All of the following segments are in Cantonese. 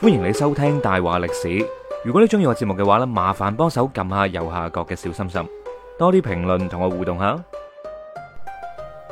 歡迎你收聽大話歷史。如果你中意我節目嘅話呢，麻煩幫手撳下右下角嘅小心心，多啲評論同我互動下。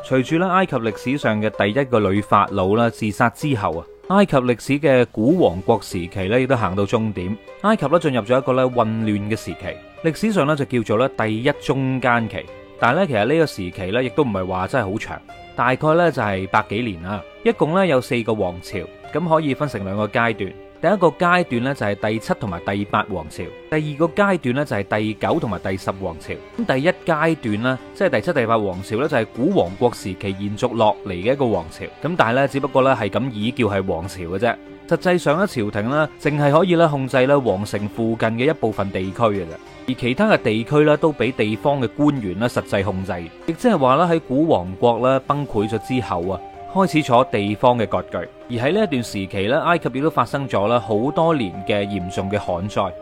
隨住咧埃及歷史上嘅第一個女法老啦自殺之後啊，埃及歷史嘅古王國時期咧亦都行到終點，埃及咧進入咗一個咧混亂嘅時期。歷史上咧就叫做咧第一中間期。但係咧其實呢個時期咧亦都唔係話真係好長，大概咧就係百幾年啦。一共咧有四個王朝，咁可以分成兩個階段。第一個階段呢，就係第七同埋第八王朝，第二個階段呢，就係第九同埋第十王朝。咁第一階段呢，即係第七、第八王朝呢，就係古王國時期延續落嚟嘅一個王朝。咁但係呢，只不過呢，係咁以叫係王朝嘅啫。實際上呢，朝廷呢，淨係可以咧控制咧王城附近嘅一部分地區嘅啫，而其他嘅地區呢，都俾地方嘅官員呢實際控制。亦即係話咧喺古王國咧崩潰咗之後啊。開始咗地方嘅割據，而喺呢一段時期咧，埃及亦都發生咗咧好多年嘅嚴重嘅旱災。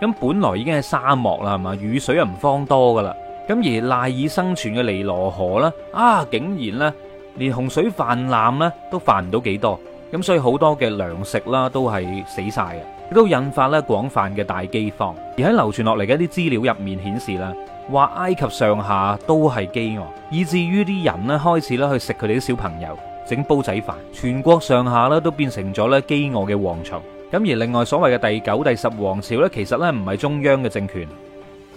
咁本來已經係沙漠啦，係嘛，雨水又唔方多噶啦。咁而賴以生存嘅尼羅河咧，啊竟然咧連洪水泛濫咧都泛唔到幾多。咁所以好多嘅糧食啦都係死晒嘅，亦都引發咧廣泛嘅大饑荒。而喺流傳落嚟嘅一啲資料入面顯示啦，話埃及上下都係飢餓，以至於啲人呢開始咧去食佢哋啲小朋友。整煲仔飯，全國上下咧都變成咗咧飢餓嘅王朝。咁而另外所謂嘅第九、第十王朝呢，其實呢唔係中央嘅政權，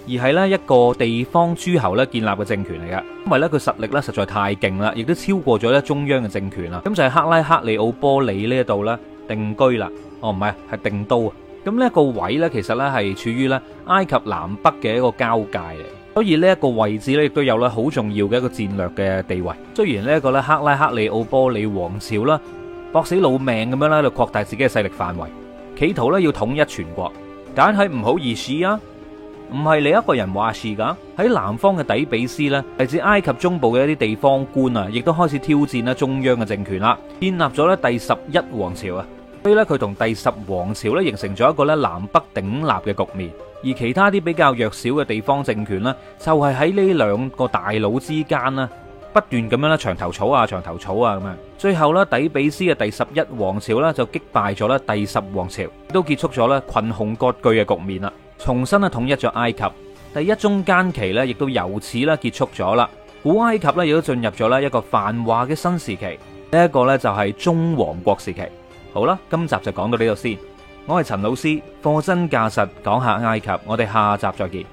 而係呢一個地方諸侯呢建立嘅政權嚟噶。因為呢，佢實力呢實在太勁啦，亦都超過咗呢中央嘅政權啦。咁就喺克拉克里奧波里呢度呢定居啦。哦，唔係，係定都啊。咁呢個位呢，其實呢係處於呢埃及南北嘅一個交界嘅。所以呢一個位置咧，亦都有咧好重要嘅一個戰略嘅地位。雖然呢一個咧，克拉克里奧波利王朝啦，搏死老命咁樣咧，去擴大自己嘅勢力範圍，企圖咧要統一全國，但係唔好意思啊，唔係你一個人話事噶。喺南方嘅底比斯呢，嚟自埃及中部嘅一啲地方官啊，亦都開始挑戰咧中央嘅政權啦，建立咗咧第十一王朝啊。所以咧，佢同第十王朝咧形成咗一個咧南北鼎立嘅局面，而其他啲比較弱小嘅地方政權咧，就係喺呢兩個大佬之間啦，不斷咁樣咧牆頭草啊，牆頭草啊咁樣。最後咧，底比斯嘅第十一王朝咧就擊敗咗咧第十王朝，都結束咗咧群雄割據嘅局面啦，重新啊統一咗埃及。第一中間期咧，亦都由此咧結束咗啦。古埃及咧亦都進入咗咧一個繁華嘅新時期。呢一個咧就係中王國時期。好啦，今集就講到呢度先。我係陳老師，貨真價實，講下埃及。我哋下集再見。